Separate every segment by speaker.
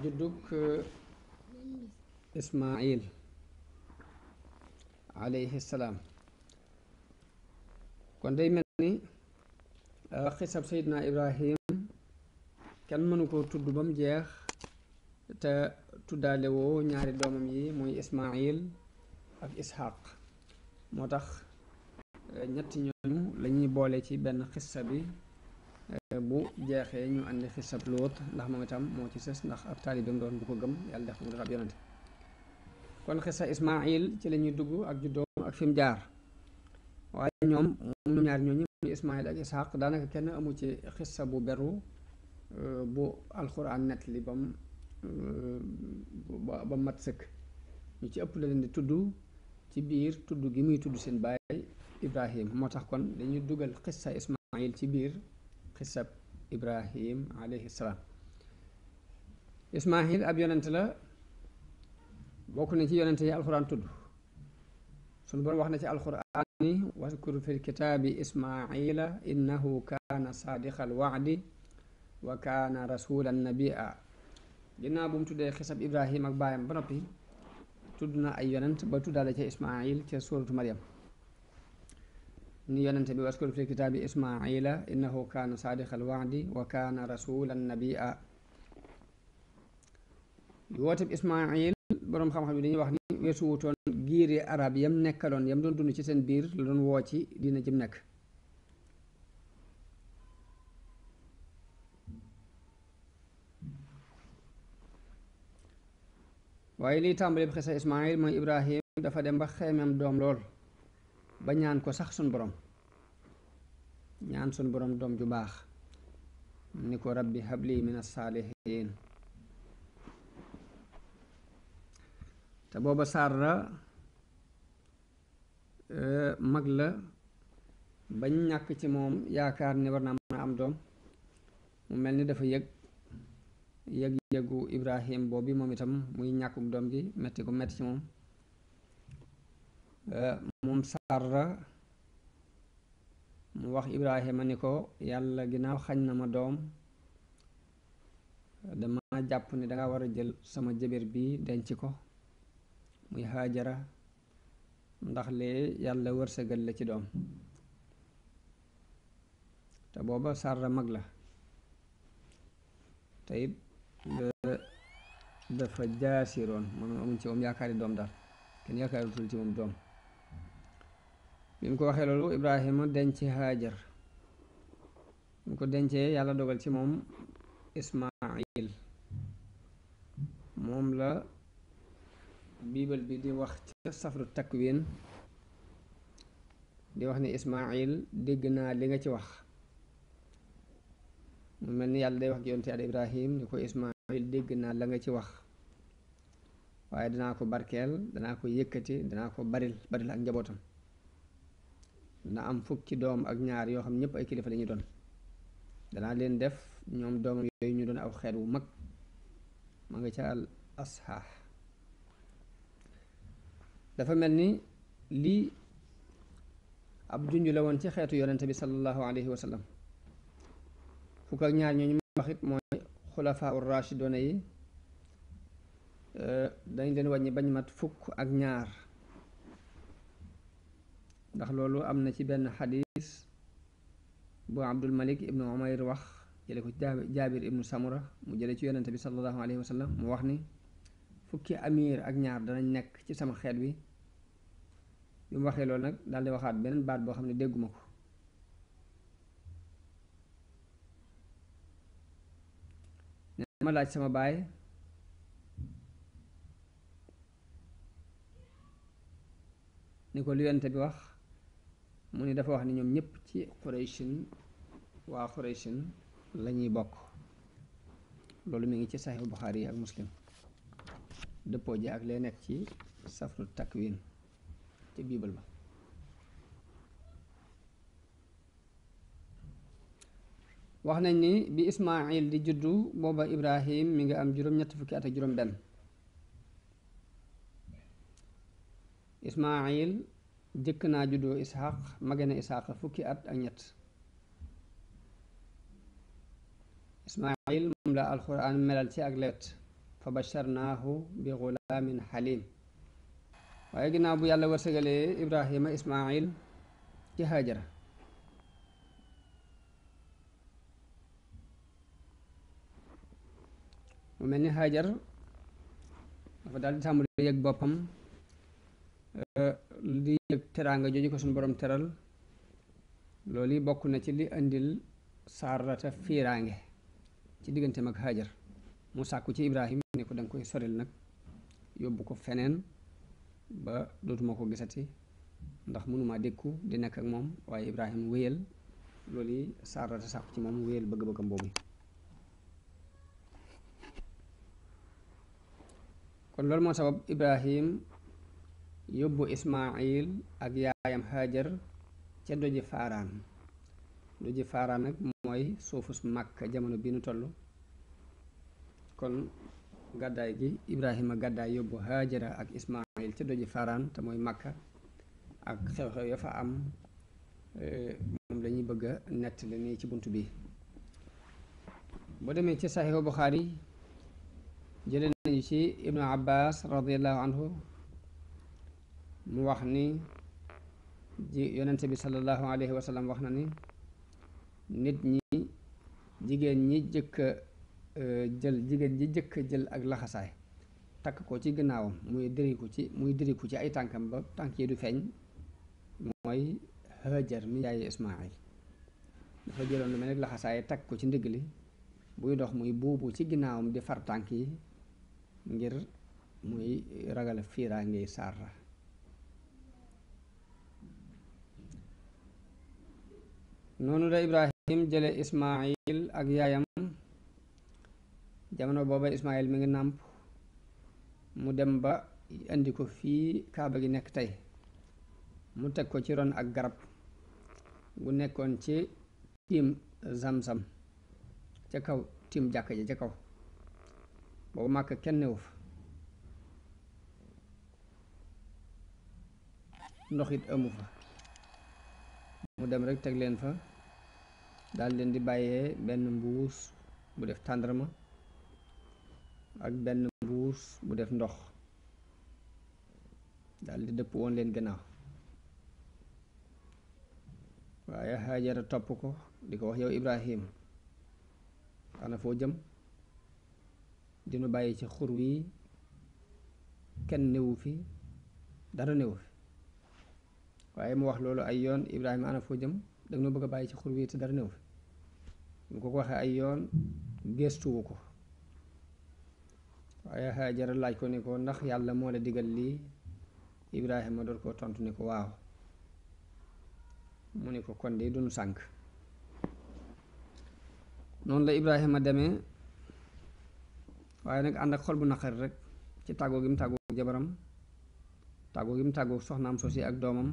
Speaker 1: juddug eh, ismail alayhi kon day mel ni eh, xisab sayidna ibrahim kenn mënu koo tudd ba mu jeex te tuddaale woo ñaari doomam yi mooy ismail ak ishaq moo tax eh, ñetti ñooñu lañuy boole ci benn xissa bi bu jeexee ñu àndi xisab Luut ndax moom itam moo ci sës ndax ab taalibeem doon bu ko gëm yàlla def ko mu def ab yonante kon xisa Ismaayil ci lañuy ñuy dugg ak juddoom ak fi mu jaar waaye ñoom mu ñaar ñooñu mu Ismaayil ak Isxaq daanaka kenn amu ci xisa bu beru euh, bu alxuraan net li euh, ba mu mat sëkk ñu ci ëpp la di tudd ci biir tudd gi muy tudd seen baay Ibrahim moo tax kon dañuy dugal xissa Ismaayil ci biir xisab ibrahim alayhi salaam ismaahil ab yonent la bokk na ci yonent yi alxuraan tudd sunu boroom wax na ci alxuraan ni waskur fil kitaabi ismaila innahu kaana saadiqal wa'di wa kaana rasulan nabia ginnaaw bu mu tuddee xisab ibrahim ak baayam ba noppi tudd na ay yonent ba tuddaale ca ismail ca suuratu maryam ni yonente bi waskur fi kitaabi ismaila innahu kaana saadiqal wa'di wa kaana rasulan nabiyya wooteb ismail boroom xam-xam yi dañuy wax ni weesu giiri arab yam nekkaloon yam doon dund ci seen biir la doon woo ci diina jëm nekk waaye liy tàmbali bi xisa ismail mooy ibrahim dafa dem ba xeemem doom lool ba ñaan ko sax suñ borom ñaan suñ borom doom ju baax ni ko rabbi habli mina saalihiin te booba Saara eh, mag la bañ ñàkk ci moom yaakaar ne war naa mën am doom mu mel ni dafa yëg yëg yëgu Ibrahim boobu moom itam muy ñàkkuk doom ji metti ko metti ci moom moom sarra mu wax ibrahima ni ko yàlla ginnaaw xañ na ma doom dama jàpp ni danga war a jël sama jëbër bi denc ko muy haajara ndax lee yàlla wërsëgal la ci doom te booba sarra mag la te it eh, dafa jaasiroon moom amuñ ci moom yaakaari doom daal kenn yaakaaritul ci moom doom bi ko waxee loolu Ibrahima denc Haajar bi mu ko dencee yàlla dogal ci moom Ismaayil moom la biibal bi di wax ca safru takwin di wax ni Ismaayil dégg naa li nga ci wax mu mel ni yàlla day wax yonte yàlla Ibrahim ni ko Ismaayil dégg naa la nga ci wax waaye danaa ko barkeel danaa ko yëkkati danaa ko baril baril ak njabootam dana am fukki doom ak ñaar yoo xam ñëpp ay kilifa lañuy doon danaa leen def ñoom doomam yooyu ñu doon aw xeet wu mag ma nga ca al asxaax dafa mel ni lii ab junj la woon ci xeetu yonente bi sallallahu alayhi wa sallam fukk ak ñaar ñooñu ma wax mooy xulafaa ur rachidoona yi eh, dañ leen wañ wàññi bañ mat fukk ak ñaar ndax loolu am na ci benn xadis bu abdul malik ibnu umayr wax jële ko jaabir ibnu samura mu jële ci yonente bi salallahu alayhi wa sallam mu wax ni fukki amir ak ñaar danañ nekk ci sama xeet wi bi mu waxee loolu nag daal di waxaat beneen baat boo xam ne dégguma ko ma laaj sama baay ni ko lu bi wax mu ni dafa wax ni ñoom ñëpp ci quraishin waa la lañuy bokk loolu mi ngi ci sahih bukhari ak muslim dëppoo ji ak lay nekk ci safru takwin ci bible ba wax nañ ni bi ismail di juddu booba ibrahim mi nga am juróom ñett fukki at ak juróom benn ismail jëkk naa juddoo isxaq mage na isxaq fukki at ak ñett ismail moom la alxuraan melal ci ak lewet fa basharnaahu bi gulaamin xalim waaye ginnaaw bu yàlla wërsëgalee ibrahima ismail ci hajara mu mel ni hajar dafa daal di tàmbali yëg boppam di teranga joji kosun ko sun borom teral loli bokku na ci li andil sarata firange ci digante mak Hajar musa ko ci Ibrahim ne ko dang koy soril nak yóbbu ko fenen ba dotuma ko gisati ndax munuma dékku di nek ak mom waye Ibrahim weyel loli sarata sax ci mom weyel beug bëggam boobu kon lol mo sabab Ibrahim yóbbu Ismaayil ak yaayam Hajar ca doji faaraan doji faaraan nag mooy suufus Makka jamono bi nu toll kon gàddaay gi Ibrahima gàddaay yóbbu Hajara ak Ismaayil ca doji faaraan te mooy Makka ak xew-xew ya fa am eh, moom lañuy bëgg a nettali nii ci bunt bi boo demee ci Saxiixu Buxaari jëlee nañu ci Ibnu Abbas radiyallahu mu wax ni ji yonente bi sallallahu alayhi wa sallam wax na ni nit ñi jigen ñi jëk eh, jël jigen ji jëk jël ak laxasaay tak ko ci gënaaw muy ko ci muy ko ci ay tankam ba tank yi du feñ moy Hajar mi yaay Ismaayil dafa jëloon lu mel ni laxasaay tak ko ci ndigg li buy dox muy bubu ci ginnaawam di far tànk yi ngir muy ragal fiiraa ngiy noonu la ibrahim jële ismail ak yaayam jamono booba ismail mu ngi nàmp mu dem ba indi ko fii kaaba gi nekk tey mu teg ko ci ron ak garab gu nekkoon ci tiim zam-zam ca kaw tiim jàkk ji ca kaw boobu màkk kenn newu fa ndox it amu fa mu dem rek teg leen fa daal leen di bàyyee benn mbuus bu def tàndarma ak benn mbuus bu def ndox daal di dëpp woon leen gannaaw waaye Haajara topp ko di ko wax yow Ibrahim ana foo jëm dinu bàyyi ci xur wi kenn newu fi dara newu fi waaye mu wax loolu ay yoon Ibrahima ana foo jëm danga noo bëgg a bàyyi ci xur wi te dara newu fi mu ko ko waxee ay yoon gëstuwu ko waaye Haajara laaj ko ni ko ndax yàlla moo la digal lii Ibrahima door ko tontu ni ko waaw mu ni ko kon de duñ sànk noonu la Ibrahima demee waaye nag ànd ak xol bu naqari rek ci tàggoo gi mu tàggoo jabaram tàggoo gi mu tàggoo soxnaam soosi ak doomam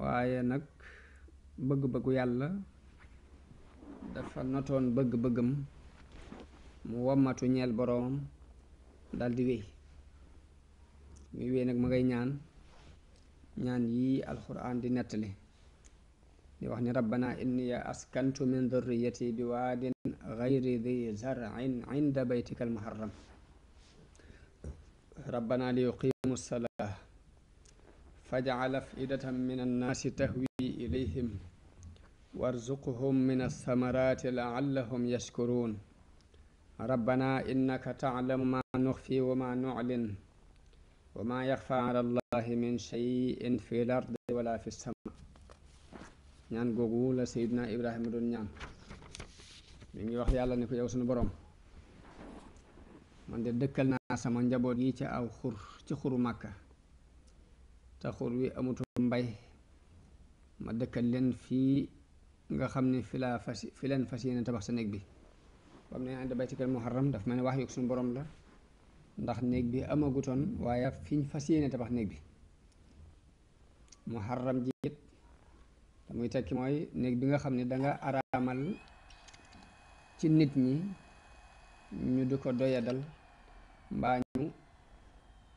Speaker 1: waaye nag bëgg-bëggu yàlla dafa notoon bëgg-bëggam mu wammatu ñeel boroomam daldi wéy muy wéy nag ma ngay ñaan ñaan yi alxuraan di nettali di wax ni rabbana inni askantu min dhurriyati bi waadin ghayri dhi zar'in inda baytika almuharram rabbana li yuqimu salaa faj'al af'idatan min annaasi tahwi ilayhim وارزقهم من الثمرات لعلهم يشكرون ربنا إنك تعلم ما نخفي وما نعلن وما يخفى على الله من شيء في الأرض ولا في السماء ñaan googu la Seydina Ibrahima doon ñaan mi ngi wax yàlla ni ko yow suñu boroom man de dëkkal naa sama njaboot yi ci aw xur ci xuru màkka te xur wi amutul mbay ma dëkkal leen fii nga xam ni fi la fas fi leen fas yéene tabax sa néeg bi bam ne ànd baytikal muharram daf mel ne wax yu suñu borom la ndax néeg bi amagutoon waaye fiñ fas yéene tabax néeg bi muharram ji it muy tekki mooy néeg bi nga xam ne danga araamal ci nit ñi ñu di ko dal mbaa ñu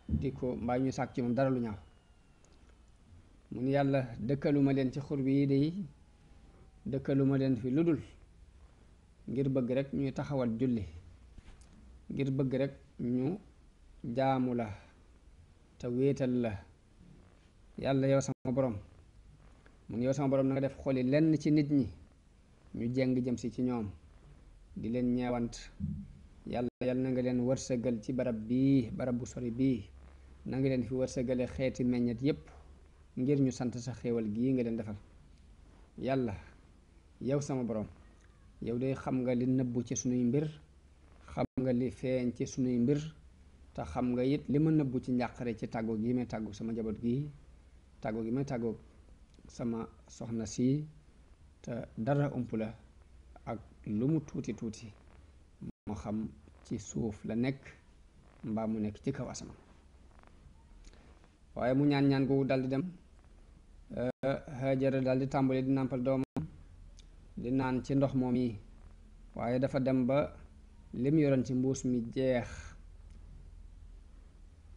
Speaker 1: di ko ñu sàkk ci moom dara lu ñaaw mun yàlla dëkkaluma leen ci xur yi de dëkkaluma leen fi lu ngir bëgg rek ñuy taxawal julli ngir bëgg rek ñu jaamu la te wéetal la yàlla yow sama borom mun yow sama borom na nga def xoli lenn ci nit ñi ñu jeng jëm si ci ñoom di leen ñeewant yàlla yàlla na nga leen wërsëgal ci barab bii barab bu sori bii nga leen fi wërsëgale xeeti meññet yépp ngir ñu sant sa xéewal gii nga leen defal yàlla yow sama borom yow de xam nga li nëbb ci sunuy mbir xam nga li feeñ ci sunuy mbir te xam nga it li ma nëbbu ci njàqare ci tàggoo gi may tàggu sama jaboot gi tàggu gi may tàggu sama soxna si te dara ëmp la ak lu mu tuuti tuuti mu xam ci suuf la nekk mbaam mu nekk ci kaw asamaan waaye mu ñaan ñaan googu daldi dem hajara eh, di tàmbali di nàmpal doom di naan ci ndox moom yi waaye dafa dem ba lim yoroon ci mbuus mi jeex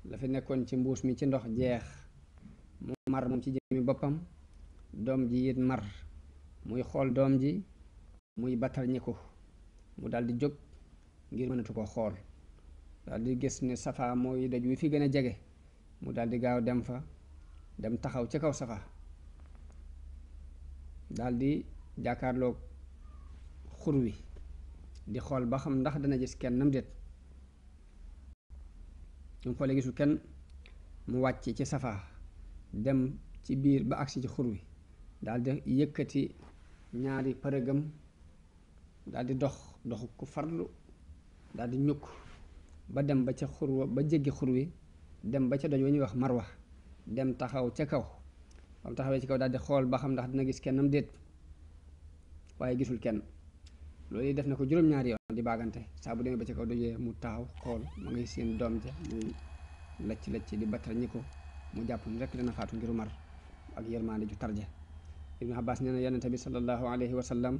Speaker 1: la fi nekkoon ci mbuus mi ci ndox jeex mu mar moom ci jëmi boppam doom ji it mar muy xool doom ji muy batal ñiku mu dal di jóg ngir mënatu ko xool dal di gis ne safa mooy daj wi fi gën a mu dal di gaaw dem fa dem taxaw ci kaw safa dal di jàkkaarloog xur wi di xool ba xam ndax dana gis kenn nam déet ñoom xoolee gisu kenn mu wàcc ci safaa dem ci biir ba agsi ci xur wi daldi yëkkati ñaari përëgam daldi dox doxu ko farlu daldi ñukk ba dem ba ca xur ba jéggi xur wi dem ba ca doj wa ñuy wax marwa dem taxaw ca kaw bam taxawee ci kaw daldi xool ba xam ndax dina gis kenn kennam déet waaye gisul kenn loolu def na ko juróom-ñaari yoon di baagante saa bu demee ba ci kaw dojee mu taxaw xool ma ngay seen doom ja muy lacc lacc di battal ñi ko mu jàpp ni rek dana faatu ngir mar ak yërmaande ju tarje ibnu abbas nee na yonente bi sallallahu alayhi wa sallam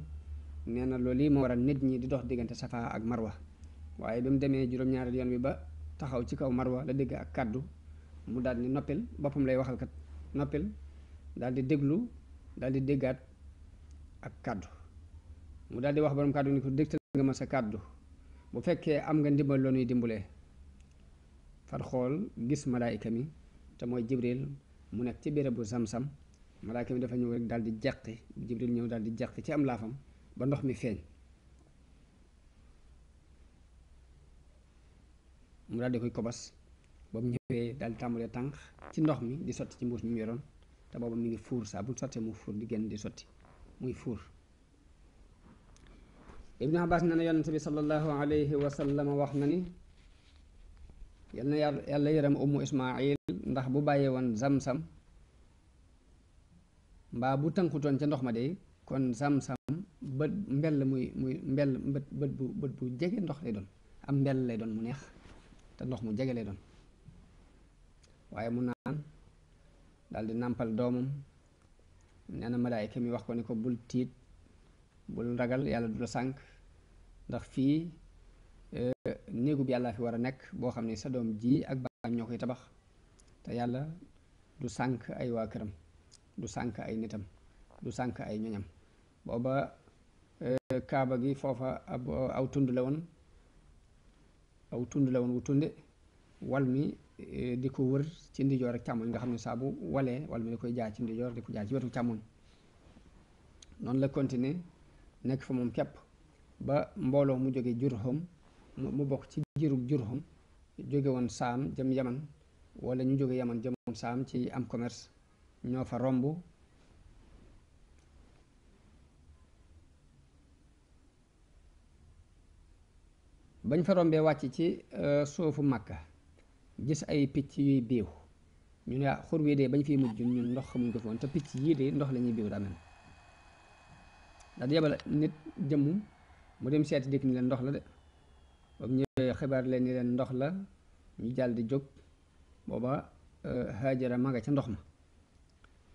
Speaker 1: nee na loolu waral nit ñi di dox diggante safa ak marwa waaye bi mu demee juróom-ñaari yoon bi ba taxaw ci kaw marwa la dégg ak kaddu mu daal ni noppil boppam lay waxal kat noppil daal di déglu daal di déggaat ak kaddu mu daal di wax borom kàddu ni ko dégtal nga ma sa kàddu bu fekkee am nga ndimbal loo nuy dimbalee far xool gis malaayika mi te mooy jibril mu nekk ci bérébu samsam sam malaayika mi dafa ñëw rek daal di jàqi jibril ñëw daal di jàqi ci am laafam ba ndox mi feeñ mu daal di koy kobas ba mu ñëwee daal di tàmbalee ci ndox mi di sotti ci mbuus mu yoroon te booba mi ngi fuur saabu bu sottee mu fuur di génn di sotti muy fuur ibnu abbas nee na yonent bi sallallahu alayhi wa sallam wax na ni yal na yàlla yaram ummu ismail ndax bu bàyyee woon sam-sam mbaa bu tënkutoon ca ndox ma de kon sam-sam bët mbell muy muy mbell bët bët bu bët bu jege ndox lay doon am mbel lay doon mu neex te ndox mu jege lay doon waaye mu naan daal di nàmpal doomam nee na malaayka mi wax ko ni ko bul tiit bul ragal yàlla du la sànk ndax fii euh, néegub yàlla fi war a nekk boo xam ne sa doom jii ak baam ñoo koy tabax te yàlla du sànk ay waa këram du sànk ay nitam du sànk ay ñoñam booba euh, kaaba gi foofa ab aw tund la woon aw tund la woon wu tunde wal mi euh, di ko wër ci ndijoor ak càmmoñ nga xam ne saa bu walee wal mi di koy jaar ci ndijoor di ko jaar ci wetu càmmoñ noonu la continuer nekk fa moom képp ba mbooloo mu jóge Jurhum mu bokk ci jirub Jurhum jóge woon saam jëm yaman walla ñu jóge yaman jëm saam ci am commerce ñoo fa romb bañ fa rombee wàcc ci euh, suufu Makka gis ay picc yuy biiw ñu ne ah, xur wii de bañ fi mujj ñun ndox xamuñ ko fi woon te picc yii de ndox la ñuy biiw daa mel daal nit jëmm mu dem seeti dikk ni leen ndox la de ba mu ñëwee xibaar leen ni leen ndox la ñu jàll di jóg booba euh, Haajara ma nga ca ndox ma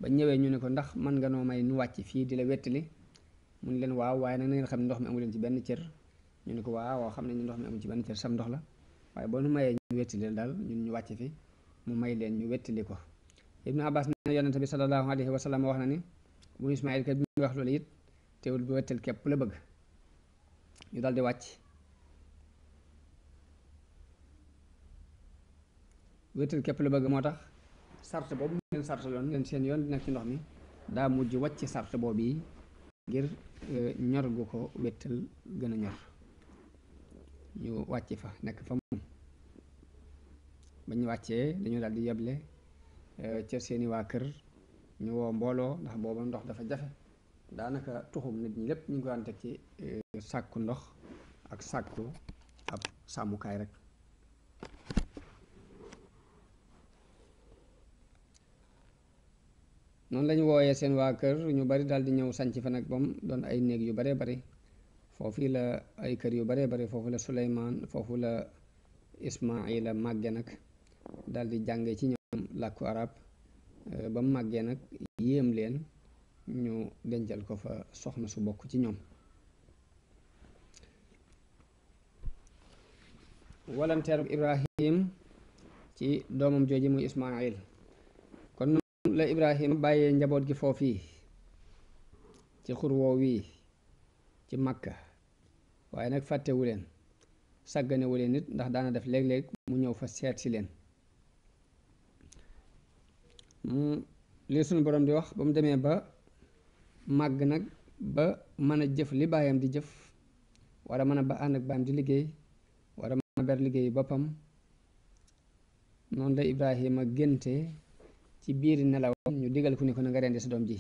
Speaker 1: ba ñëwee ñu ni ko ndax mën nga noo may nu wàcc fii di la wettali mu ne leen waaw waaye nag na ngeen xam ne ndox mi amu leen ci benn cër ñu ni ko waaw xam nañ ndox mi amu ci benn cër sam ndox la waaye boo nu mayee ñu wettali leen daal ñun ñu wàcc fi mu may leen ñu wettali ko Ibnu Abbas ne yonente bi sallallahu alayhi wa sallam wax na ni bu Ismaayil bi mu wax loolu it teewul bu wettal képp la bëgg ñu daal di wàcc wéetal képp lu bëgg moo tax sart boobu mu leen sart leen seen yoon di nekk ci ndox mi daa mujj wàcc sart boobu yi ngir eh, ñor gu ko wéttal gën a ñor ñu wàcc fa nekk fa moom ba ñu wàccee dañu daal di yeble eh, ca seeni waa kër ñu woo mbooloo ndax booba ndox dafa jafe daanaka tuxum nit ñi lépp ñu ngi ko daan teg eh, ndox ak sàkku ab sàmmukaay rek noon lañu wooyee seen waa kër ñu bari daal di ñëw sanc fa nag bam doon ay néeg yu baree bari foofu la ay kër yu baree bari foofu la Suleymaan foofu la màgge nag daal di jànge ci ñoom làkku arab eh, ba màggee nag yéem leen ñu dencal ko fa soxna su bokku ci ñom walanteru ibrahim ci domam Joji mu ismail kon la ibrahim bayen njabot gi fofi ci xur woo ci makka fatte wu len sagane wu len nit ndax daana def leg leg mu ñew fa set ci len li sunu borom di wax bamu ba mag nag ba mën jëf li bayam di jëf war mana ba and ak bayam di liggéey war a ber liggéey boppam non la Ibrahima genté ci biir nelaw ñu digal ku ni ko nga rendé sa dom ji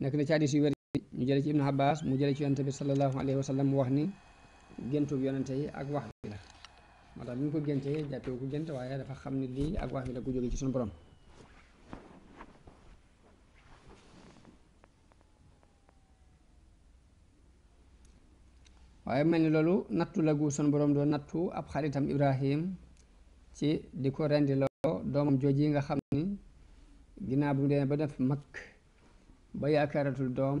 Speaker 1: na ci hadith yu wér ñu jël ci Ibnu Abbas mu jël ci yonente bi sallallahu alayhi wa sallam wax ni géntub yonente yi ak wax bi la motax bi ko genté jappé ko genté waye dafa xamni li ak wax bi la ko jogé ci sun borom waaye mel ni loolu nattu la gu boroom borom doon nattu ab xaritam Ibrahim ci di ko rendiloo doomam yi nga xam ni ginaaw bu mu demee ba def mag ba yaakaaratul doom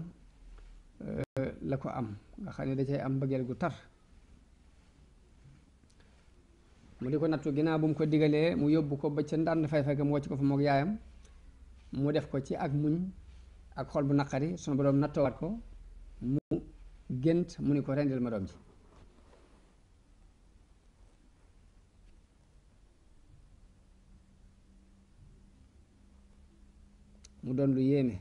Speaker 1: euh, la ko am nga xam ne da am mbëggeel gu tar mu di ko nattu ginnaaw bu mu ko digalee mu yóbbu ko ba ca ndànd fay fay mu wàcc ko fa moog yaayam mu def ko ci ak muñ ak xol bu naqari sunu borom waat ko mu gént mu ni ko rendil ma doom ji mu doon lu yéeme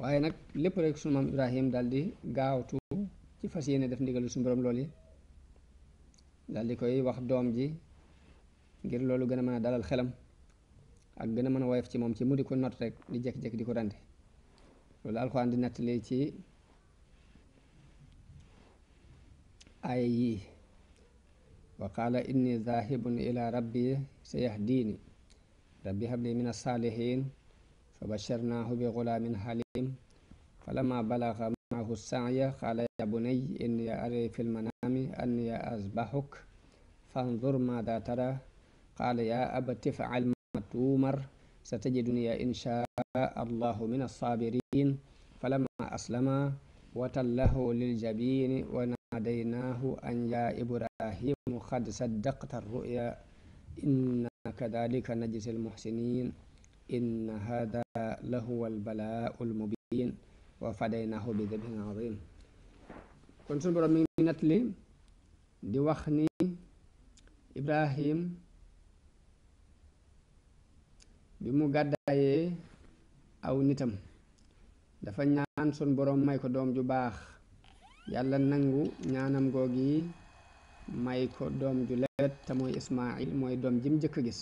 Speaker 1: waaye nag lépp rek sunu maam Ibrahim daal di gaawtu ci fas yéene def ndigalu suñu borom loolu yi daal koy wax doom ji ngir loolu gën a mën a dalal xelam ak gëna mëna wayef ci moom ci mu di ko not rek di jek jek di ko rende loolu alxuraan di nettali ci aaya yii wa qala inni zahibun ila rabbi sayahdini rabbi habli min assaalihiin fa basharnaahu bi ghulamin halim falamma balagha as-sa'ya qala ya bunay inni ara fi al-manami anni azbahuk fanzur ma da tara قال يا أبت افعل عمر ستجدني إن شاء الله من الصابرين فلما أسلم وتله للجبين وناديناه أن يا إبراهيم قد صدقت الرؤيا إن كذلك نجزي المحسنين إن هذا لهو البلاء المبين وفديناه بذبح عظيم كنت suñu borom mi ngi nettali bi mu gàddaayee aw nitam dafa ñaan sun borom may ko doom ju baax yàlla nangu ñaanam gogi. may ko doom ju leet te mooy ismail mooy doom Jim mu jëkk gis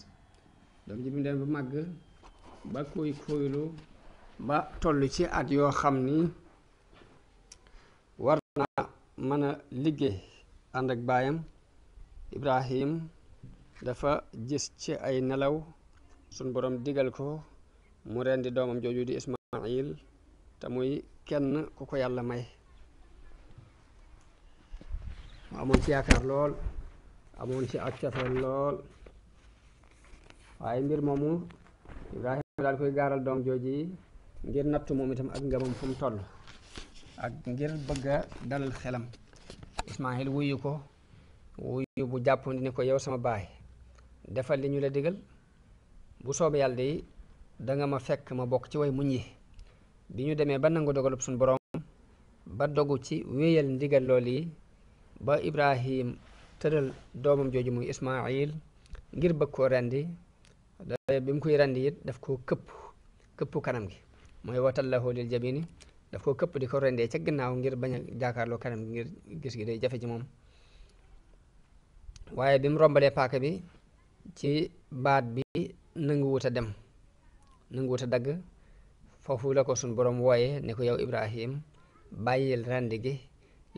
Speaker 1: doom ji mu dem ba màgg ba koy koylu ba toll ci at yoo xam ni war naa mën a liggéey ànd ibrahim dafa gis ci ay nelaw sun borom digal ko mu rendi domam joju di Ismaayil ta muy kenn ku ko yàlla may amon ci yaakaar lol amon ci ak lol lool waaye mbir moomu Ibrahima daal koy garal dom joji ngir natt moom tam ak ngamam fum toll ak ngir bëgg dalal xelam Ismail wuyu ko wuyu bu di ni ko yow sama baye. defal li ñu la digal bu soobee yàlla yi danga ma fekk ma bokk ci way muñ yi bi ñu demee ba nangu dogalub suñu borom ba dogu ci wéyal ndigal lool yi ba ibrahim tëral doomam jooju muy ismail ngir bëgg koo rendi bi mu koy rendi it daf koo këpp këpp kanam gi mooy watallahu lil jabini daf koo këpp di ko rendee ca ginnaaw ngir bañ a jàkkaarloo kanam gi ngir gis gi day jafe ci moom waaye bi mu rombalee paaka bi ci baat bi nanguwut a dem nanguwut a dagg foofu la ko suñ borom wooye ne ko yow Ibrahim bàyyil rendi gi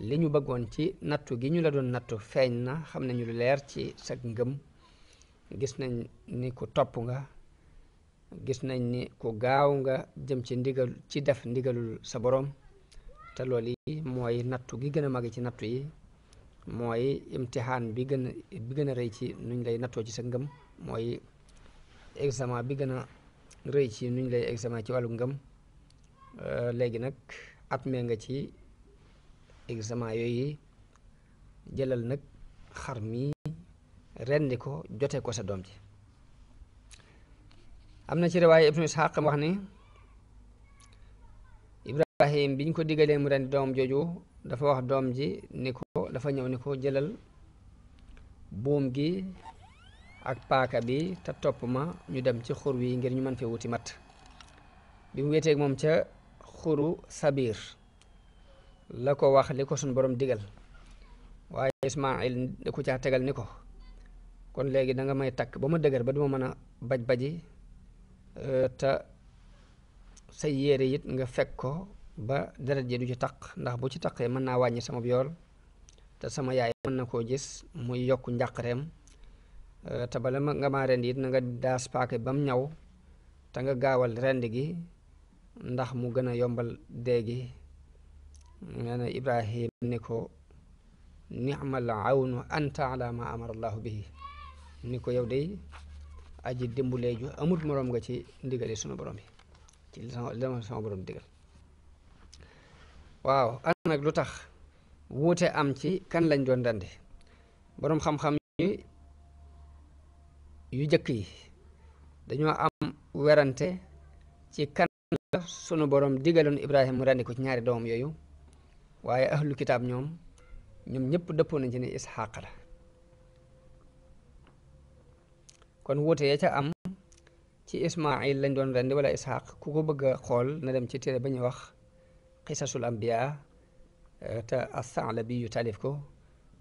Speaker 1: li ñu bëggoon ci nattu gi ñu la doon nattu feeñ na xam nañu lu leer ci sag ngëm gis nañ ni ku topp nga gis nañ ni ku gaaw nga jëm ci ndigal ndigalul sa boroom te loolu yi mooy nattu gi gën a mag ci nattu yi mooy imtixaan bi gën a rëy ci nuñ lay nattoo ci sa ngëm mooy examen bi gën a rëy ci nu ñu lay examen ci wàllu ngëm euh, léegi nag at mee nga ci examen yooyu jëlal nag xar mi rendi ko jote ko sa doom ji am na ci riwaaya ibnu Isxaaq wax ni Ibrahim biñ ko diggalee mu rendi doom jooju dafa wax doom ji ni ko dafa ñëw ni ko jëlal buum gi ak paaka bi ta topp ma ñu dem ci xur wi ngir ñu mën fee wuti mat bi mu wéeteeg moom ca xuru sabir la ko wax li ko borom digal waaye Ismaayil da ko caa tegal ni ko kon léegi da nga may takk ba ma dëgër ba duma mën a baj baji e, ta yére nga fekk ko ba deret ji du ci taq ndax bu ci taqee mën naa wàññi sama yool te sama yaay mën na koo gis muy yokk njàqareem Eh, te bala ma nga maa rendi it na nga daas paaka ba ñaw te nga gaawal rend gi ndax mu gën a yombal dee gi nee na Ibrahim ni ko ni'mal awnu anta ala ma bihi ni ko yow day aji dimbulee ju amut moroom nga ci ndigali sunu borom yi ci li ma sama borom digal waaw an nag lu tax wuute am ci kan lañ doon rendi xam-xam yu jëkk yi dañoo am werante ci kan sunu borom digaloon Ibrahima mu rendi ko ci ñaari doom yooyu waaye ahlu kitaab ñoom ñoom ñëpp dëppoo nañ ci ne Isxaaq la kon wuute ya ca am ci Ismaayil lañ doon rendi wala Isxaaq ku ko bëgg a xool na dem ci téere ba ñuy wax xisasul ambiya te as bi yu taalif ko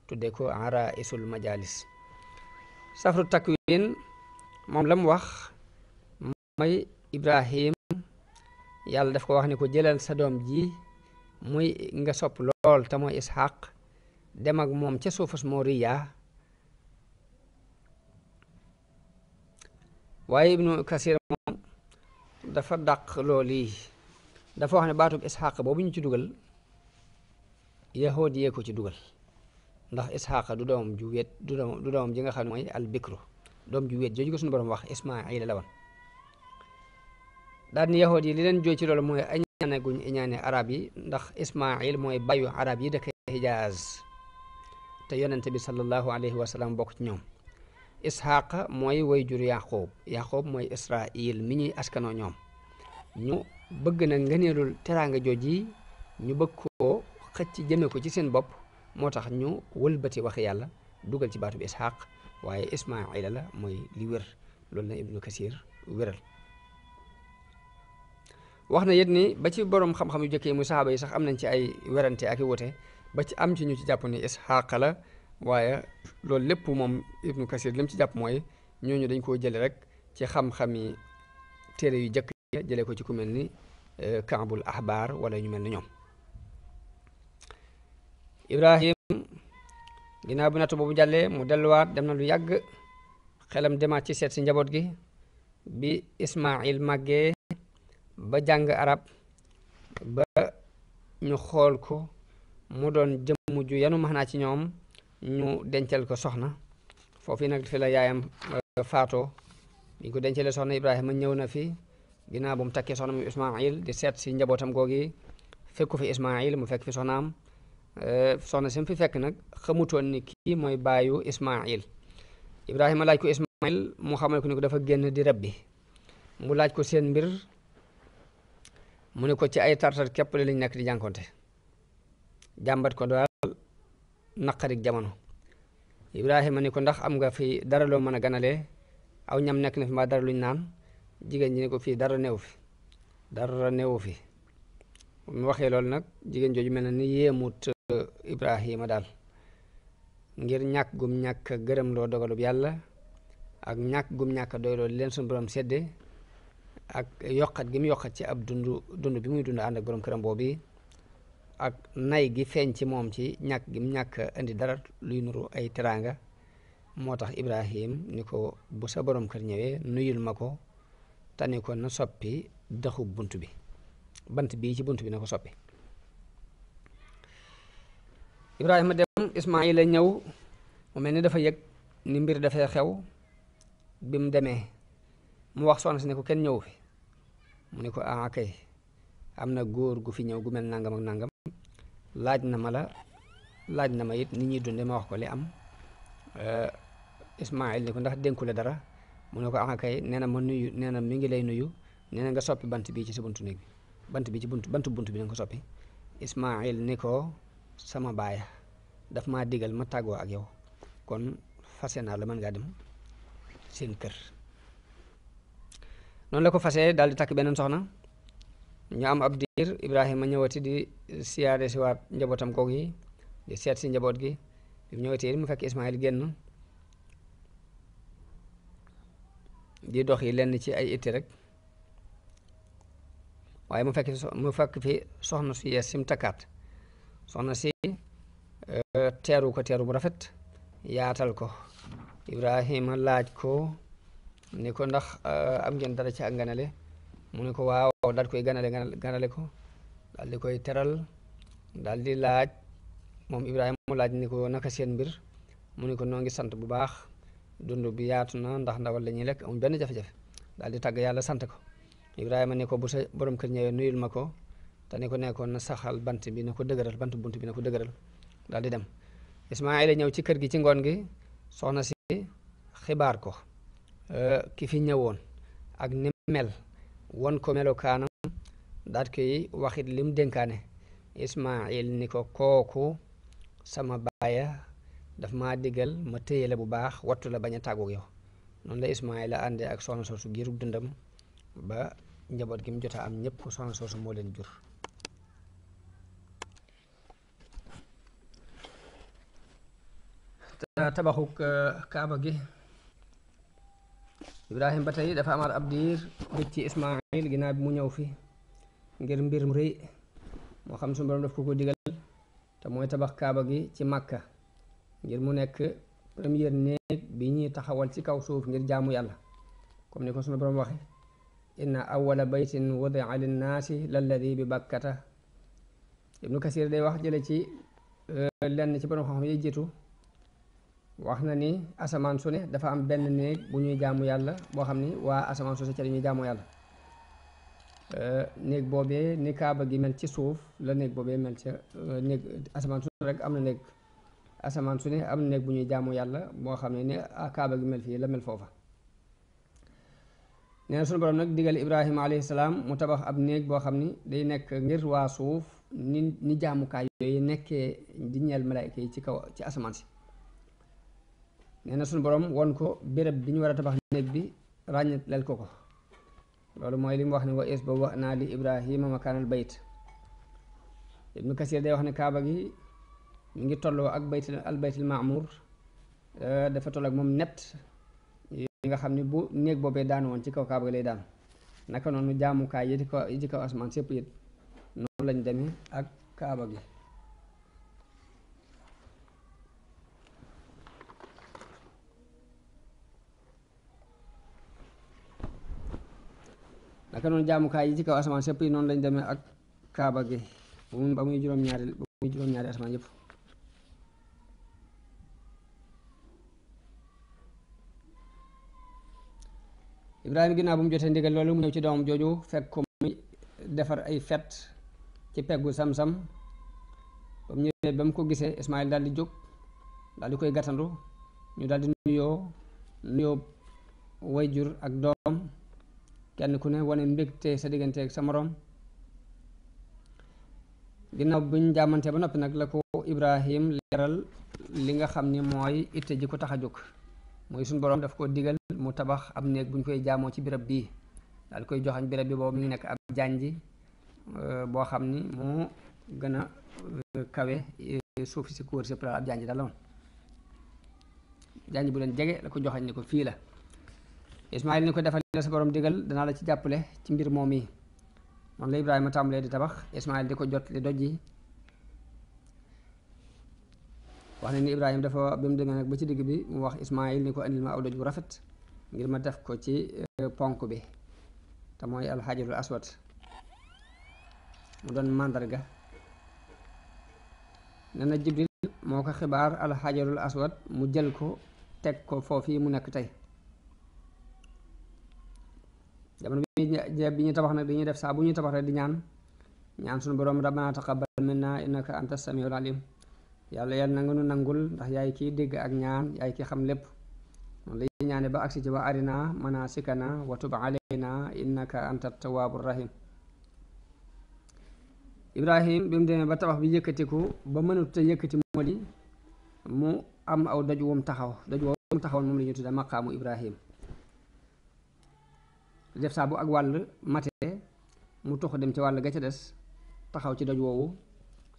Speaker 1: tudde ko araisul majalis safru takwin mom lam wax may ibrahim yalla daf ko wax ni ko jëlal sa dom ji muy nga sop lol ta moy ishaq dem ak moriya waaye ibnu kasir mom dafa loli, loli dafa wax ni batuk ishaq bobu ñu ci dugal Yahudi ye ko ci dugal ndax isxaqa du doomam ju wet du doom du doomam ji nga xam ne mooy albikru doom ju wet jooju ko suñu borom wax ismaila la woon daal yi li leen jooy ci loolu mooy añaane guñ iñaane arab yi ndax ismail mooy bayu arab yi dëkk hijaaz te yonente bi sallallahu alayhi wa bokk ci ñoom isxaqa mooy way jur yaqub yaqub mooy israil mi ñuy askanoo ñoom ñu bëgg na ngëneelul teraanga jooj yi ñu bëgg koo xëcc jëme ko ci seen bopp moo tax ñu wëlbati wax yàlla dugal ci baatu bi isxaq waaye ismaila la mooy li wér loolu la ibnu kasir wéral wax na yit ni ba ci boroom xam-xam yu jëkkee mu saxaaba yi sax am nañ ci ay werante ak i wute ba ci am ci ñu ci jàpp ni isxaq la waaye loolu lépp moom ibnu kasir li ci jàpp mooy ñooñu dañ koo jële rek ci xam-xami téere yu jëkk jëlee ko ci ku mel ni eh, kaabul ahbaar wala ñu mel ni ñoom ibrahim ginnaaw bi nattu boobu jàllee mu delluwaat dem na lu yàgg xelam demaat ci seet si njaboot gi bi ismail màggee ba jàng arab ba ñu xool ko mu doon jëmm mujj yanu maanaa ci ñoom ñu dencal ko soxna foofu nag fi la yaayam euh, faatoo bi ko dencalee soxna ibrahima ñëw na fi ginnaaw bu mu takkee soxna mu ismail di seet si njabootam googi fekku fi ismail mu fekk fi soxnaam Euh, soxna si mu fi fekk nag xamutoon ni kii mooy baayu Ismaayil Ibrahima laaj ko Ismaayil mu xamal ko ni ko dafa génn di rabbi mu laaj ko seen mbir mu ne ko ci ay tartar képp lañ nekk di jànkonte jàmbat ko daal naqarik jamono Ibrahima ni ko ndax am nga fi dara loo mën a ganalee aw ñam nekk na fi mbaa dara luñ naan jigéen ñi ne ko fii dara newu fi dara newu fi mu waxee loolu nag jigéen jooju mel na ni yéemut Ibrahima daal ngir ñàkk gum ñàkk gërëm dogalub yàlla ak ñàkk gum ñàkk doy leen suñu borom sedde ak yokkat gi mu yokkat ci ab dund dund bi muy dund ànd ak borom këram boobu ak nay gi feeñ ci moom ci ñàkk gi ñàkk indi dara luy nuru ay teraanga moo tax Ibrahim ni ko bu sa boroom kër ñëwee nuyul ma ko tani ko na soppi daxu bunt bi bant bii ci bunt bi na ko soppi Ibrahima dem Ismaayila ñëw mu mel ni dafa yëg ni mbir dafay xew bi mu demee mu wax soxna si ne ko kenn ñëw fi mu ne ko ah kay am na góor gu fi ñëw gu mel nangam ak nangam laaj na ma la laaj na ma it nit ñuy dunde ma wax ko li am eh, Ismaayil ni ko ndax dénku la dara mu ne ko ah kay nee na ma nuyu nee na mi ngi lay nuyu nee nga soppi bant bii ci sa buntu néeg bi bant bi ci buntu bantu bunt bi na ko soppi Ismaayil ni ko sama baay daf maa diggal ma tàggoo ak yow kon fase naa la mën ngaa dem seen kër noonu la ko fasee daal di takk beneen soxna ñu am ab diir Ibrahima ñëwati di siyaare si waat njabootam koog yi di seet si njaboot gi bi mu ñëwati mu fekk Ismaayil génn di dox yi lenn ci ay itti rek waaye mu fekk mu fekk fi soxna su yees si mu takkaat soxna si eh, teeru ko teeru bu rafet yaatal ko Ibrahima laaj ko ni ko ndax eh, am ngeen dara ci ak ganale mu ne ko waaw daal koy ganale ganale ko daal di koy teral daal laaj moom Ibrahima mu laaj ni ko naka seen mbir mu ne ko noo ngi sant bu baax dund bi yaatu na ndax ndawal la ñuy lekk amul benn jafe-jafe daal di tàgg yàlla sant ko Ibrahima ne ko bu sa borom kër ñëwee nuyul ma ko. te ni ko nekkoon na saxal bant bi na ko dëgëral bant bunt bi na ko dëgëral daal di dem Ismaayla ñëw ci kër gi ci ngoon gi soxna si xibaar ko e, ki fi ñëwoon ak mel won ko melokaanam daat waxit lim dénkaane Ismaayil ni ko kooku sama daf maa digal ma téye bu baax wattu la bañ a tàggu yow noonu la àndee ak soxna soosu giirug dundam ba njaboot gi mu jot a am ñëpp soxna soosu moo leen jur tabaxuk eh, kaaba gi ibrahim ba tey dafa amaat ab diir dëj ci ismail ginnaaw bi mu ñëw fi ngir mbir mu rëy moo xam suñu borom daf ko ko digal te mooy tabax kaaba gi ci màkka ngir mu nekk première néeg bi ñuy taxawal ci kaw suuf ngir jaamu yàlla comme ni ko suñu borom waxe inna awwala baytin wudi'a linnaasi lalladi bi bakkata ibnu kasir day wax jële ci eh, lenn ci borom xam-xam yi wax na ni asamaan su ne dafa am benn néeg bu ñuy jaamu yàlla boo xam ni waa asamaan su ne ca la ñuy jaamu yàlla euh, néeg boobee ni kaaba gi mel ci suuf la néeg boobee mel ca euh, néeg asamaan su ne am na néeg asamaan su ne am néeg bu ñuy jaamu yàlla boo xam ne ni ah, kaaba gi mel fii la mel foofa nee na sunu nag digal Ibrahima alayhi salaam mu tabax ab néeg boo xam ni day nekk ngir waa suuf ni ni jaamukaay yooyu nekkee di ñeel malaayka yi ci kaw ci asamaan si nee na suñu borom won ko béréb bi ñu war a tabax néeg bi ràññetleel ko ko loolu mooy li mu wax ne wa is ba wax naa li ibrahima makaanal bayt ibnu kasir day wax ne kaaba gi mi ngi tolloo ak bait al baytil maamur eh, dafa toll ak moom nett yi nga xam ne bu néeg boobee daan woon ci kaw kaaba gi lay daan naka noonu jaamukaay yi ci ko yi ci kaw asmaan sépp it noonu lañ demee ak kaaba gi naka noonu jaamukaay yi ci kaw asamaan sëpp yi noonu lañ demee ak kaaba gi ba muy juróom-ñaari ba muy juróom-ñaari asamaan yëpp ibrahima ginnaaw bu mu jotee ndigal loolu mu ñëw ci doomam jooju fekk ko muy defar ay fet ci peggu sam-sam ba mu ñëwee ba mu ko gisee ismail daal di jóg daal di koy gàttandu ñu daal di nuyoo nuyoo way ak doom kenn ku ne wane mbégte sa ak sa morom ginnaaw buñ jàmmante ba noppi nag la ko Ibrahim leeral li nga xam ni mooy it ji ko tax a jóg mooy suñ borom daf ko digal mu tabax ab néeg buñ koy jaamoo ci birab bii daal koy joxañ birab bi boobu mi ngi nekk ab jànj euh, boo xam ni moo gën a euh, kawe euh, suuf si kóor si ab janji daal la bu leen jege la ko joxañ ni ko fii la Ismaayil ni ko defal sa borom digal danaa la ci jàppale ci mbir moom yi noonu la Ibrahima tàmbalee di tabax Ismaayil di ko jot li doj yi wax na ni Ibrahima dafa ba mu demee ba ci digg bi mu wax Ismaayil ni ko indi ma aw doj bu rafet ngir ma def ko ci euh, ponk bi te mooy alxajarul aswad mu doon màndarga nee na Jibril moo ko xibaar alxajarul aswad mu jël ko teg ko yi mu nekk tey jamono bi jeeb bi ñu tabax nak dañuy def sa bu ñu tabax rek di ñaan ñaan suñu borom rabbana taqabbal minna innaka anta samiul alim yalla yalla na nga nangul ndax yaay kii deg ak ñaan yaay ki xam lepp lay ñaané ba aksi ci wa arina manasikana wa tub alayna innaka anta tawwabur rahim ibrahim bim deme ba tabax bi yëkëtiku ba mënut a yëkëti moli mu am aw daj wum taxaw daj wum taxawoon moom la ñu ibrahim def saa ak wàll matee mu tox dem ca wàll ga ca des taxaw ci doj woowu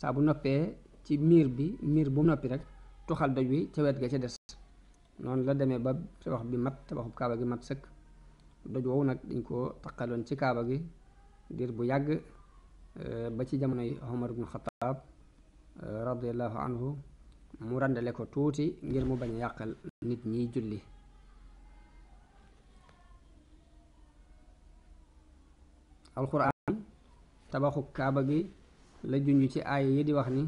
Speaker 1: saa bu noppee ci miir bi miir bu noppi rek toxal doj wi ca wet ga ca des noonu la demee ba tabax bi mat tabaxub kaaba gi mat sëkk doj woowu nag dañ ko taqaloon ci kaaba gi diir bu yàgg eh, ba ci jamonoy Omar ibnu Xataab eh, radiallahu anhu mu randale ko tuuti ngir mu bañ a yàqal nit ñiy julli alquran tabaxu kaaba gi la junj ci aaya yi di wax ni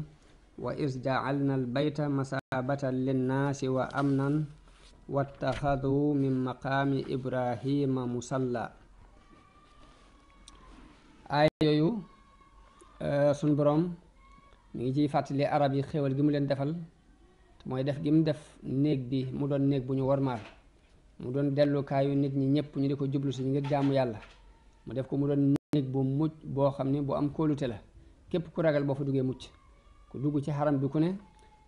Speaker 1: wa is jaalna al bayta masaabatan linnaasi wa amnan wattaxadu min maqaami ibrahima musalla aaya yooyu eh, suñ boroom mi ngi ciy fàttali arab yi xéewal gi mu leen defal mooy def gi mu def néeg bi mu doon néeg bu ñu warmaal mu doon dellukaayu nit ñi ñëpp ñu di ko jublu si ngir jaamu yàlla mu def ko mu doon nit bu mucc boo xam ne bu am kóolute la képp ku ragal boo fa duggee mucc ku dugg ci haram bi ku ne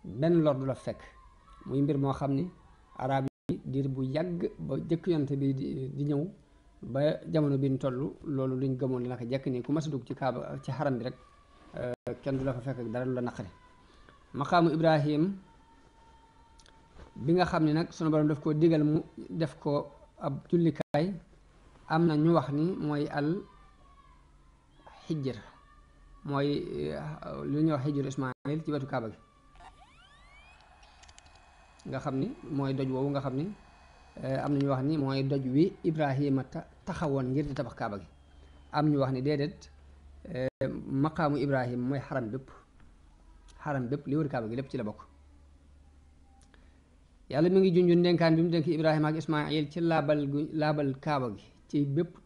Speaker 1: benn lor du la fekk muy mbir moo xam ni arab yi diir bu yàgg ba jëkk yonte bi di ñëw ba jamono bi ñu toll loolu luñ gëmoon naka jekk ni ku mas dugg ci kaaba ci haram bi rek euh, kenn du la fa fekk dara la naqari maqaamu ibrahim bi nga xam ne nag sunu borom daf koo digal mu def ko ab jullikaay am ñu wax ni mooy al hijr moy eh, lu ñu wax hijr Ismaayil ci wetu Kaaba nga xamni moy doj woowu nga xamni eh, am wax ni moy doj wi ta taxawon ngir di tabax Kaaba gi am ñu wax ni déedéet eh, maqaamu ibrahim moy haram bepp haram bepp li wër Kaaba gi lepp ci la bok yalla mi ngi junjun denkan bi mu denk ibrahim ak Ismaayil ci laabal Kaaba gi ci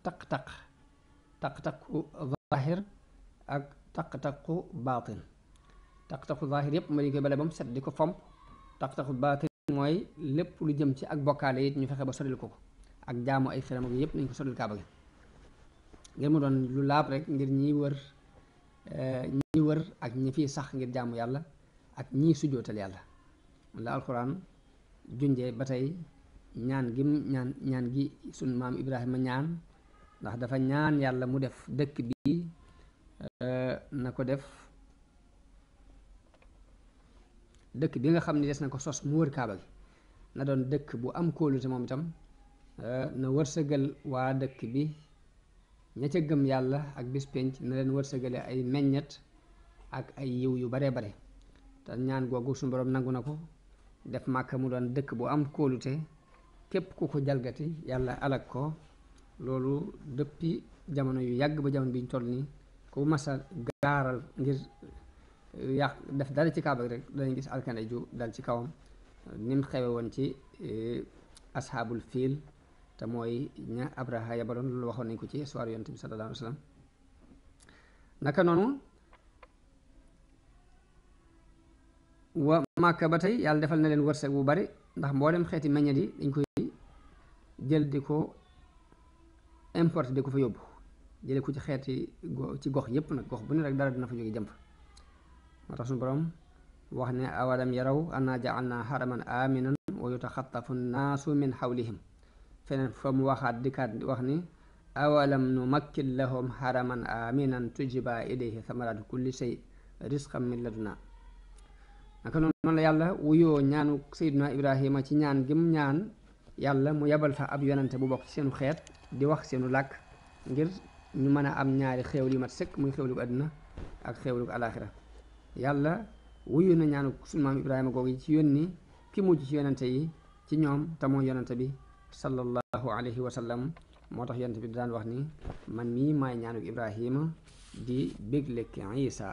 Speaker 1: tak tak tak xahir ak taq-taqu baatin taq-taqu zahir yépp mooy dañ koy ba mu set di ko fomp taq-taqu baatin mooy lépp lu jëm ci ak bokkaale it ñu fexe ba soril ko ko ak jaamu ay xiram ak yépp nañ ko soril kaaba gi ngir mu doon lu laab rek ngir ñiy wër eh, ñi wër ak ñi fi sax ngir jaamu yàlla ak ñii sujootal yàlla la alxuraan junjee ba tey ñaan gi ñaan ñaan gi sun maam Ibrahima ñaan ndax dafa ñaan yàlla mu def dëkk bi na ko def dëkk bi nga xam ne des na ko sos mu wër kaaba gi na doon dëkk bu am kóolute moom itam eh, na wërsëgal waa dëkk bi ña ca gëm yàlla ak bis na leen wër wërsëgale ay meññet ak ay yiw yu bare bare te ñaan googu suñu borom nangu na ko def màkka mu doon dëkk bu am kóolute képp ku ko jalgati yàlla alag ko loolu dëppi jamono yu yàgg ba jamono bi ñu toll nii bu mas a gaaral ngir eh, yàq def dara ci kaaba rek dañu gis alkane ju dal ci kawam nim xewe woon ci eh, asxaabul fiil te mooy ña abraha yabaloon loolu waxoon nañ ko ci histoire yonent bi sallallahu alayhi wa naka noonu wa màkka ba tey yàlla defal na leen wërsëg bu bari ndax mboolem xeeti meññet yi dañ koy jël di ko importe di ko fa yóbbu jële ko ci xeeti ci gox yépp nag gox bu ne rek dara dina fa jóge jëm fa moo tax suñu borom wax ne awalam yaraw anna ja'alna haraman aminan wa yutaxatafu nnaasu min xawlihim feneen fa mu waxaat dikkaat wax ni awalam nu makkin lahum haraman aminan tujiba ilayhi samaraatu kulli shay risqan min laduna naka noonu la yàlla wuyoo ñaanu sayduna ibrahima ci ñaan gim ñaan yàlla mu yebal fa ab yonante bu bokk ci seenu xeet di wax seenu làkk ngir ñu mën a am ñaari xéewal yu mat sëkk muy xéewalu àdduna ak xéewalu alaaxira yàlla wuyu na ñaanu suñu maam Ibrahima googu yi ci yónni ki mujj ci yonante yi ci ñoom te mooy yonante bi sallallahu alayhi wa sallam moo tax yonante bi daan wax ni man mii maay ñaanu Ibrahima di bégleek Isa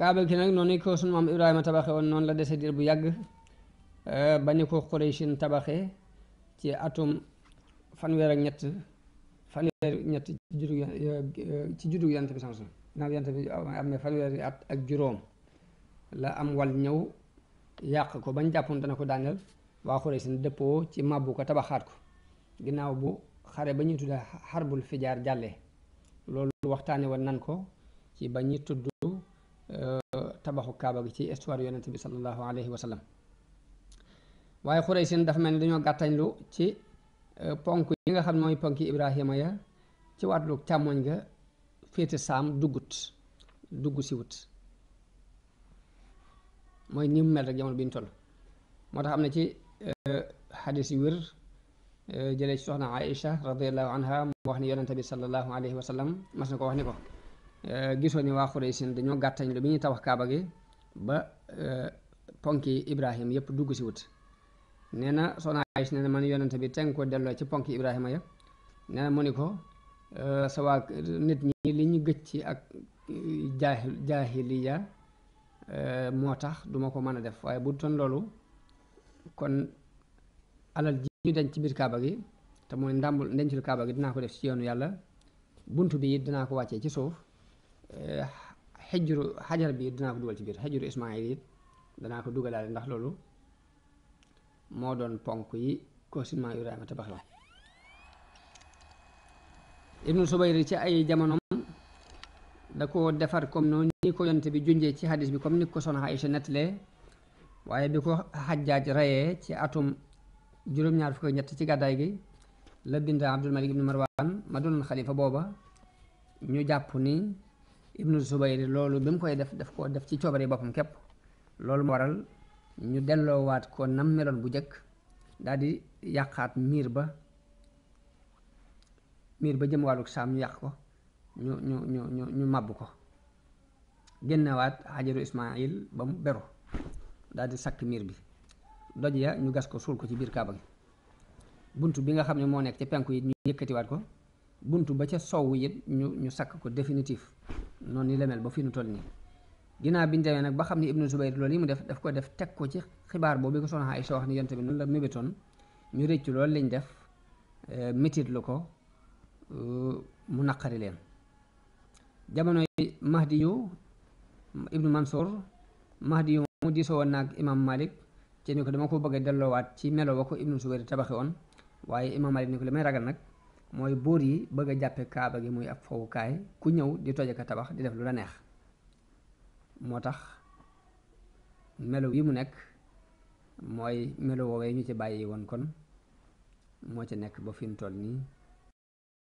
Speaker 1: kaaba gi nag noonu ko sunu maam Ibrahima tabaxe woon noonu la dese diir bu yàgg euh, ba ni ko Qurayshin tabaxe ci atum fanweer ak ñett fanweer ñett ci juddu ci juddu bi samson naam yant bi at ak juróom la am wal ñëw yàq ko bañ jàppoon dana ko daaneel waa Qurayshin dëppoo ci màbbu ko tabaxaat ko ginnaaw bu xare ba ñuy tudd xarbul fijaar jàllee loolu waxtaane woon nan ko ci ba ñuy tudd tabaxu kaaba gi ci histoire yonent bi sallallahu alayhi wa sallam waaye xuraysin dafa mel ni dañoo gàttañlu ci ponk yi nga xam ne mooy ponk ibrahima ya ci wàllu càmmoñ ga féete saam duggut dugg siwut mooy ni mu mel rek jamono bi ñu toll moo tax am na ci xadis yu wér jëlee ci soxna aïcha radiallahu anha mu wax ni yonente bi sallallahu alayhi wa sallam ko wax ni ko Euh, gisoo ni waa Xuraysin dañoo gàttañ lu bi ñuy tabax kaaba gi ba euh, ponki Ibrahima yëpp dugg si wut nee na soxna Aysa nee na man yonente bi teng delloo ci ponki Ibrahima ya mu ni ko euh, sa nit ñi li ñu gëj ci ak jaahil jaahiliya moo tax duma ko mën a def waaye bu kon alal ji ñu denc ci biir kaaba gi te mooy ndàmbul ndencul kaaba gi dinaa ko def ci yoonu yàlla bunt bi it dinaa ko wàccee ci suuf xejru xajar bi dinaa ko dugal ci biir xejru ismail yi danaa ko dugalaale ndax loolu moo doon ponk yi confinement Ibrahima tabax la ibnu Subayri ci ay jamonoom da ko defar comme noonu ni ko yonte bi junjee ci hadis bi comme ni ko soxna Aïcha nettalee waaye bi ko xajaaj reyee ci atum juróom-ñaar fukk ñett ci gàddaay gi la binda Abdul Malik ibnu Marwan ma doon xalifa booba ñu jàpp ni ibnu Zubayr loolu bi mu koy def daf ko def ci coobare boppam képp loolu moo waral ñu delloowaat ko nam meloon bu njëkk daldi yàqaat miir ba miir ba jëm wàllu saam ñu yàq ko ñu ñu ñu màbb ko génnewaat xajaru Ismaayil ba mu beru daal di sakk miir bi doj ya ñu gas ko suul ko ci biir kaaba gi bunt bi nga xam ne moo nekk ca penku yi ñu yëkkatiwaat ko bunt ba ca soow it ñu ñu sakk ko définitif noonu ni la mel ba fi nu toll nii ginnaaw bi ñu demee nag ba xam ne ibnu Zubayr loolu yi mu def daf ko def teg ko ci xibaar boobu ko soxna Aysa wax ni yonte bi noonu la mébétoon ñu rëccu loolu lañ def euh, métit ko euh, mu naqari leen jamono yi Mahdi yu ibnu Mansour Mahdi yu mu diisoo woon naag imam Malik ci ni ko dama ko bëgg a delloowaat ci melo wa ko ibnu Zubayr tabaxi woon waaye imam Malik ni ko li may ragal nag mooy buur yi bëgg a jàppe kaaba gi muy ab fowukaay ku ñëw di toj ak tabax di def lu la neex moo tax melo yi mu nekk mooy melo woowee ñu ci bàyyi woon kon moo ci nekk ba fi mu toll nii